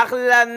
axlan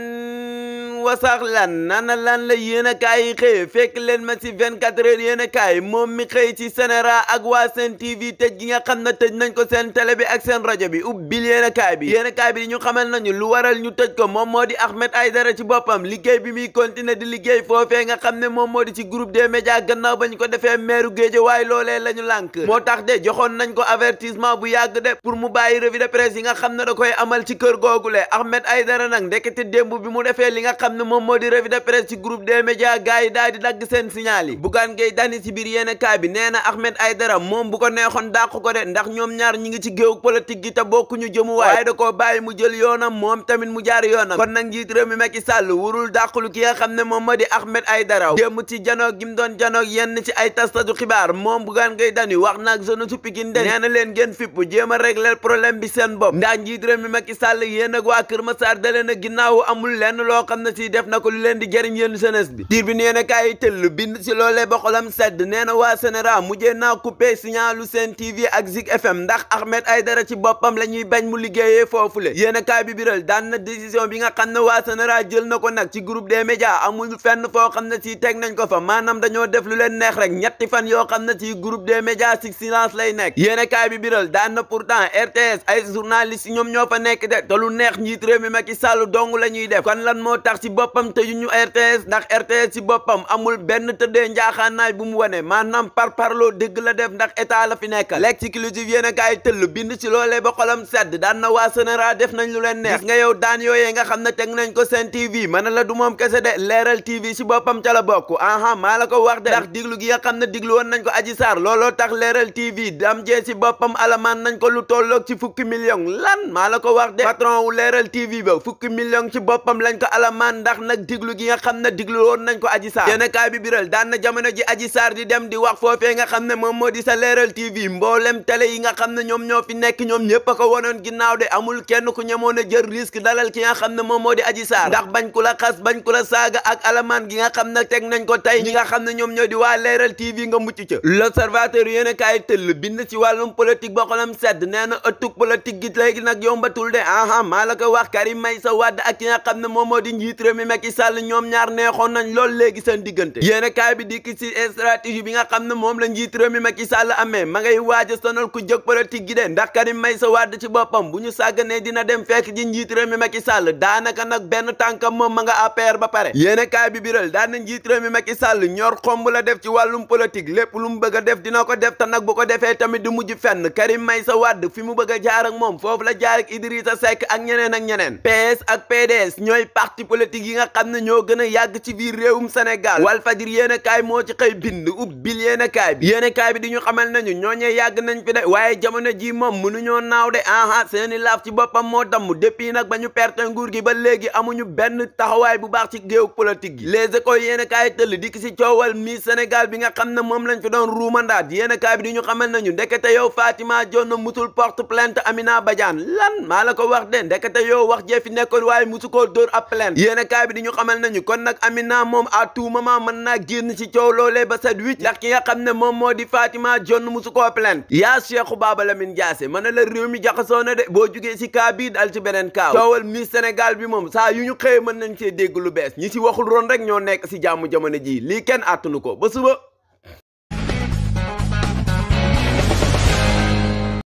wasaxlan nana lan la yéen a kaay xëy fekk leen ma ci 24 heures yéen a kaay moom mi xëy ci sénéra ak waa seen tv tëj gi nga xam ne tëj nañ ko seen télé bi ak seen rajo bi ubbil yéen a kaay bi yéen a kaay bi di ñu xamal nañu lu waral ñu tëj ko moom moo di Ahmed Aidara ci boppam liggéey bi muy continuer di liggéey foofee nga xam ne moom moo di ci groupe des médias gannaaw ba ñu ko defee meeru géeje waaye loole lañu ñu lànk moo tax de joxoon nañ ko avertissement bu yàgg de pour mu bàyyi revue de presse yi nga xam ne da koy amal ci kër googule Ahmed Aidara nag nag démb bi mu defee li nga xam ne moom moo di revue de presse ci groupe des médias gars yi dagg seen signal yi Bougane Gueye Dany ci biir yéen kaay bi nee na Ahmed Aïdara moom bu ko neexoon dàq ko de ndax ñoom ñaar ñi ngi ci géew politique gi te bokkuñu jëmuwaay waaye da koo bàyyi mu jël yoonam moom tamit mu jaar yoonam kon nag njiit réew mi Macky Sall wurul dàqulu ki nga xam ne moom moo di Ahmed Aïdara démb ci janoog gi mu doon janoog yenn ci ay tastatu xibaar moom Bougane Gueye Dany wax naag zone su Pikine de nee na leen ngeen fipp jéem a régler problème bi seen bopp ndax njiit réew mi Macky Sall ne ginnaaw amul lenn loo xam ne si def na ko lu leen di jëriñ yéen jeunesse bi diir bi nee na kaay nee na waa Sénégal mujjee naa coupé signalu Sen TV ak Zik FM ndax Ahmed Aïdara ci boppam la ñuy bañ mu liggéeyee foofu le yéen kaay bi biral daan na décision bi nga xam ne waa Sénégal jël na ko nag ci groupe des médias amul fenn foo xam ne si teg nañ ko fa maanaam dañoo def lu leen neex rek ñetti fan yoo xam ne si groupe des médias si lay nekk yéen kaay bi daan na pourtant RTS ay journalistes ñoom ñoo fa nekk de te lu neex njiit réew mi Macky Sall taxawaalu dong la ñuy def kon lan moo tax ci boppam te ñu RTS ndax RTS ci boppam amul benn tëdde njaaxaanaay bu mu wane maanaam par parloo dëgg la def ndax état la fi nekk l'exclusif yéen a kaay tëll bind ci loolee ba xolam sedd daan na waa Sénégal def nañ lu leen neex nga yow daan yooye nga xam ne teg nañ ko seen TV mën na la du moom kese de leeral TV ci boppam ca la bokk aha maa la ko wax de ndax diglu gi nga xam ne diglu woon nañ ko aji Sarr looloo tax leeral TV dam jee ci boppam alamaan nañ ko lu tolloog ci fukki million lan la ko wax de fukki million ci boppam lañ ko alamaan ndax nag diglu gi nga xam ne diglu woon nañ ko aji saar yéenekaay bi biral daan jamono ji aji saar di dem di wax foofee nga xam ne moom moo di sa leeral tv mboolem télé yi nga xam ne ñoom ñoo fi nekk ñoom ñëpp a ko wonoon ginnaaw a jël risque dalal ki nga xam ne moo di aji saar ndax bañ ku la gi nga xam ne teg nañ ko tey ñi nga xam ne ñoom ñoo di waa leeral tv nga mucc ca l'observateur yéenekaay tëll bind ci wàllum politique ba xolam sedd nee na ëttug politique gi léegi nag yombatul de aha maa la ko wax Karim Meïssa Wade ak ki nga xam ne moom moo di njiit réew mi Macky Sall ñoom ñaar neexoon nañ lool léegi seen diggante yéen kaay bi dikk ci bi nga xam ne moom la njiit réew mi Macky Sall amee ma ngay waaj a sonal ku jóg politique gi de ndax Karim Meïssa Wade ci boppam bu ñu sàgganee dina dem fekk ji njiit réew mi Sall daanaka nag benn tànkam moom ma nga APR ba pare yéen kaay bi biral daan na njiit réew mi Macky Sall ñor xomb la def ci wàllum politique lépp lu mu bëgg a def dina ko def te nag bu ko defee tamit du mujj fenn Karim sa Wade fi mu bëgg a jaar ak moom foofu la jaar ak Idrissa Seck ak ñeneen ak ñeneen ak PDS ñooy parti politique yi nga xam ne ñoo gën a yàgg ci biir réewum senegal Walfadjri fajir kaay moo ci xëy bind ubbil yéene kaay bi yéene kaay bi di ñu xamal nañu ñooñee yàgg nañ fi de waaye jamono ji moom mënuñoo naaw de aha seeni laaf ci boppam moo damm depuis nag ba ñu perte nguur gi ba léegi amuñu benn taxawaay bu baax ci géew politique gi Les Échos yéene kaay tëll dikk si coowal Miss Sénégal bi nga xam ne moom lañ fi doon ruumandaat yéene kaay bi di ñu xamal nañu ndekete yow Fatima Jonn musul porte plainte Amina Badiane lan maa la ko wax de ndekete nekkoon waaye musu koo dóor ab plainte yéene kaay bi di ñu xamal nañu kon nag Amina moom à tout moment mën na génn ci coow loolee ba set ndax ki nga xam ne moom moo di Fatima John musu koo plainte yaa Cheikhou Baba Lamine Diassé mën na la réew mi jaxasoo na de boo jugee si kaa bii dal ci beneen kaa coowal Miss Sénégal bi moom saa yu ñu xëyee mën nañ cee dégg lu bees ñi ci waxul roon rek ñoo nekk si jàmm jamono ji lii kenn attunu ko ba